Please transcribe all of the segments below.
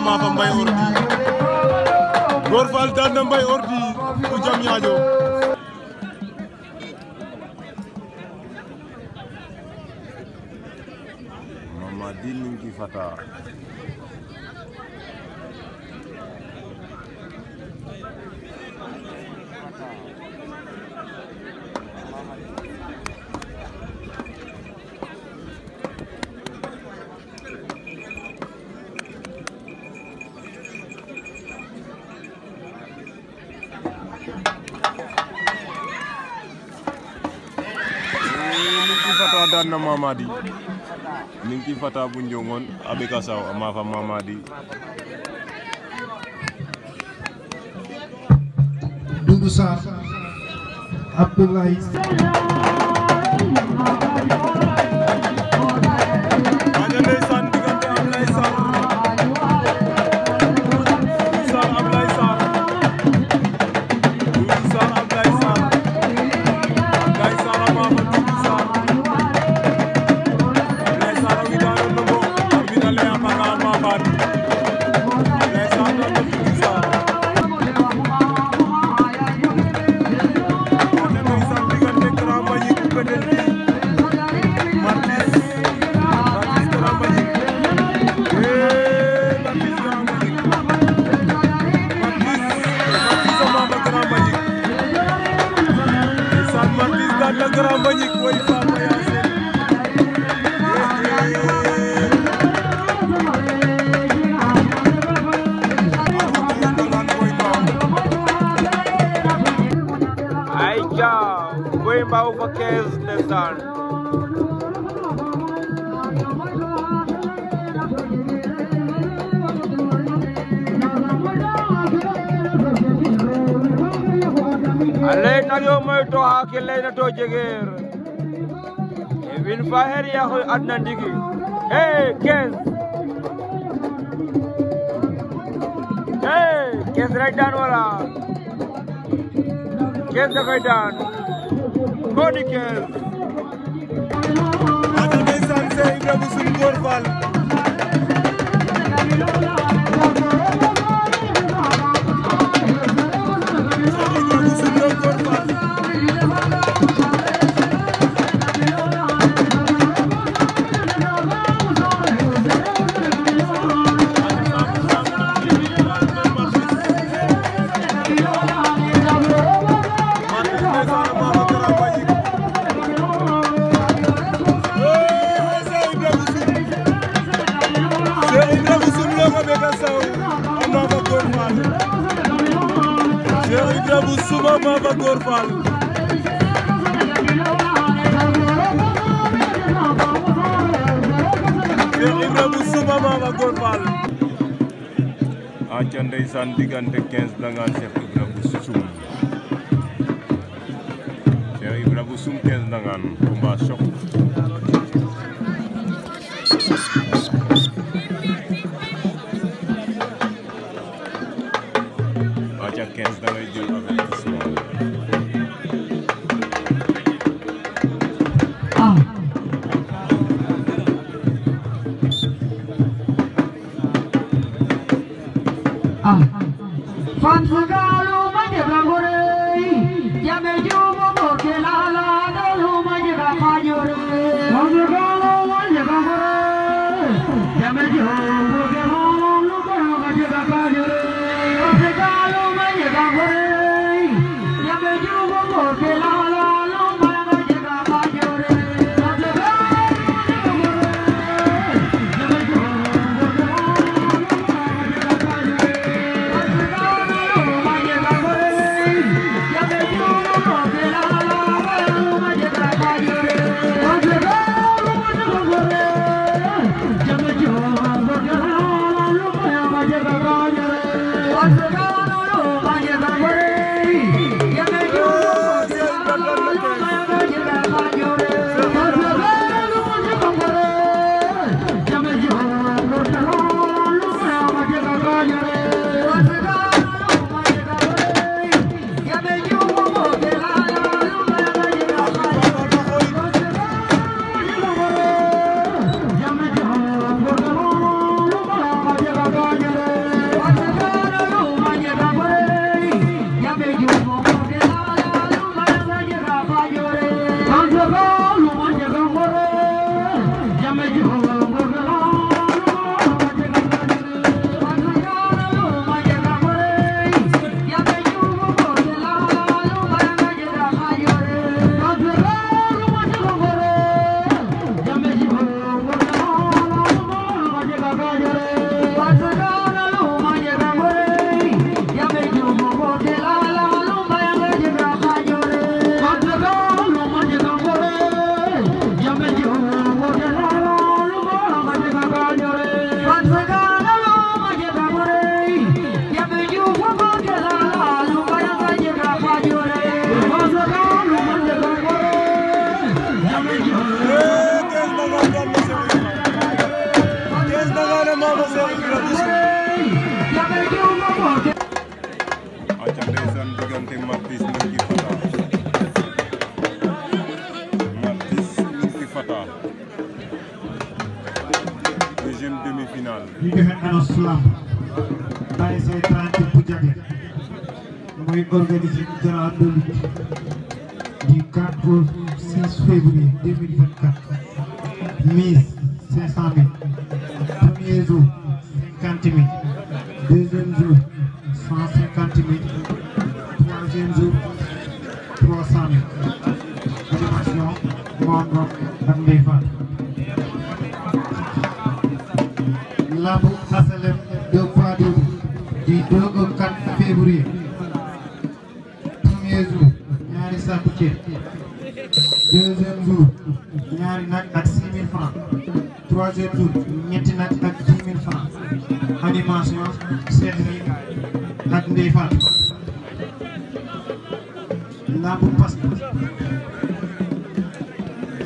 am maa fa Mbaye Ordi Ngor Fall daan na Mbaye Ordi bu jam ñaajo Mamadi na Mamadi ninki fata bu njongon abe kasaw amafa Mamadi Doudou Sarr Abdoulaye jaa Boy Mbaw fa 15 ndeysaan a leytayo moyto xaak ke leyna to jegeer e wiin fa xeer yaxoy adna ndiki e 15 e 15 rek daan Less da daan Cody Keul. Ada ndeysaan Sey Ibrahima suñu góor Fall. Mor Fall aca ndeysaan diggante 15 Ndangaan Cheikh Ibra bu sum Cheikh Ibra bu sum 15 Ndangaan combat choc aca 15 da ngay jël 啊，房子高楼满地，白骨的。demi-finale. ñu joxe annonce su lamb bàyyi de du 4 au 6 février 2024 mise 500 000 premier jour 50 000 deuxième jour 150 000 troisième jour 300 000 animation Mame Ngom février premier jour ñaari sàkku ceeb deuxième jour ñaari nag ak six mille francs troisième jour ñetti nag ak dix mille francs animation sept mille ak Ndeye Fatou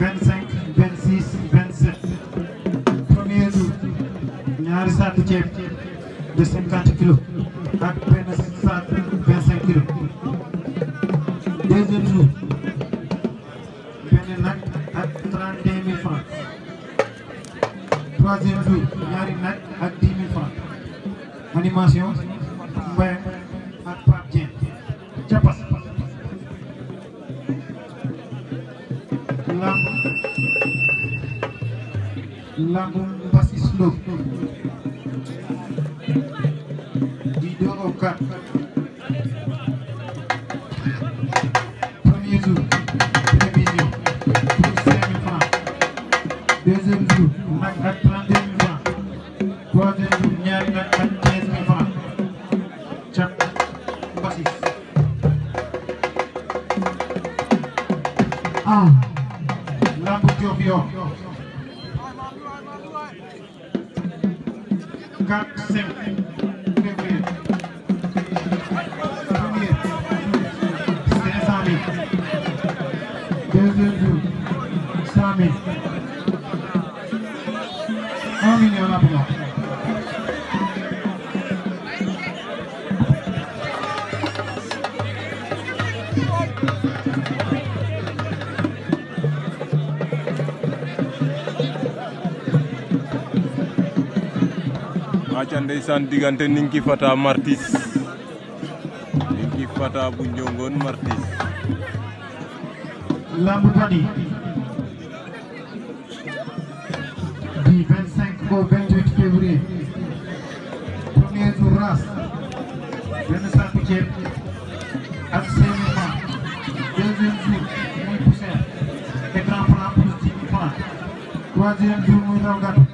vingt cinq vingt six vingt sept premier jour ñaari sàkku ceeb de cinquante kilos ak benn deuxième jour, benen nak ak 32 000 francs. Troisième jour, ñaari nak ak 10 000 francs. Animation, ben ak pap tien. L'amour L'amour lambe basis low. au cap. ca Mbasis ah lamb Diofior 4 5 ca ndeysaan diggante Ninki Fata Martis Ninki Fata bu njongoon Martis lamb tadi du 25 au 28 février premier tour ceeb ak seeni francs deuxième jour muy poussière et grand plan plus 10 000 francs troisième jour muy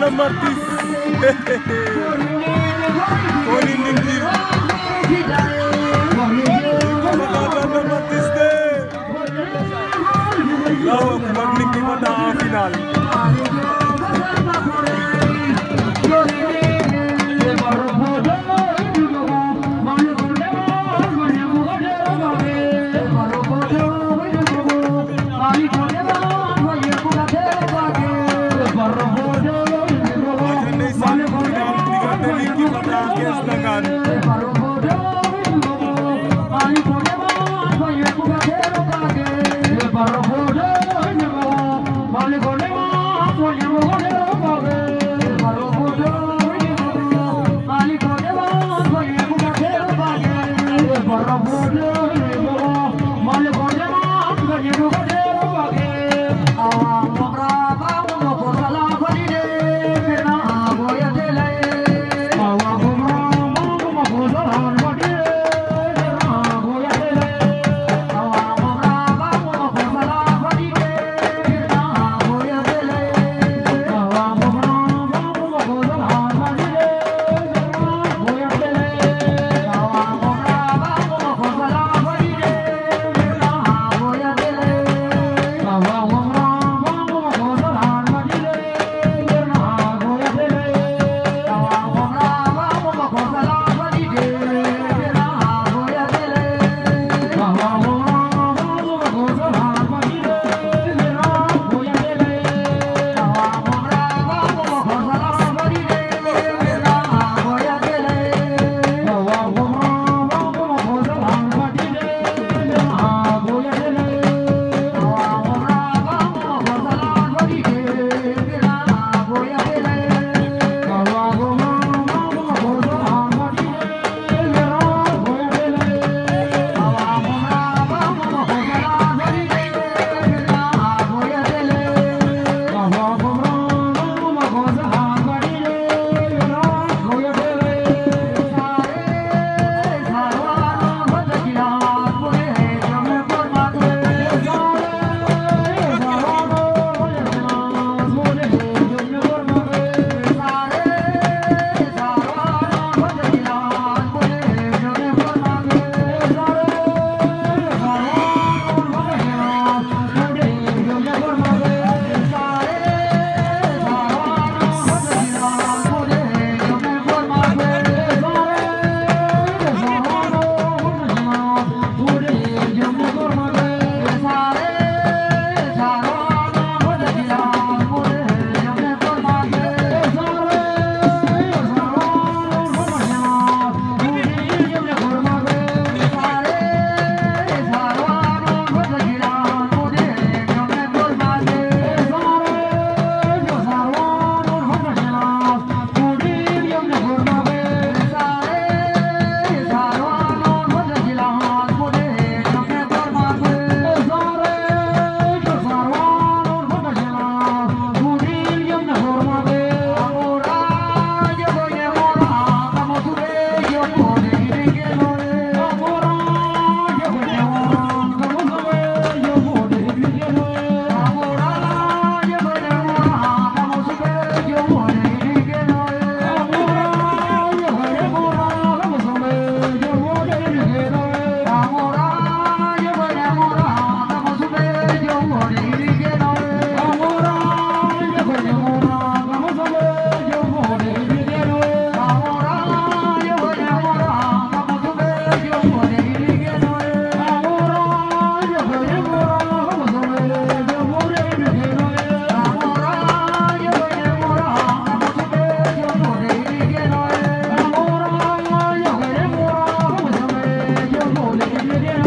na martis Kees Ndangane Yeah.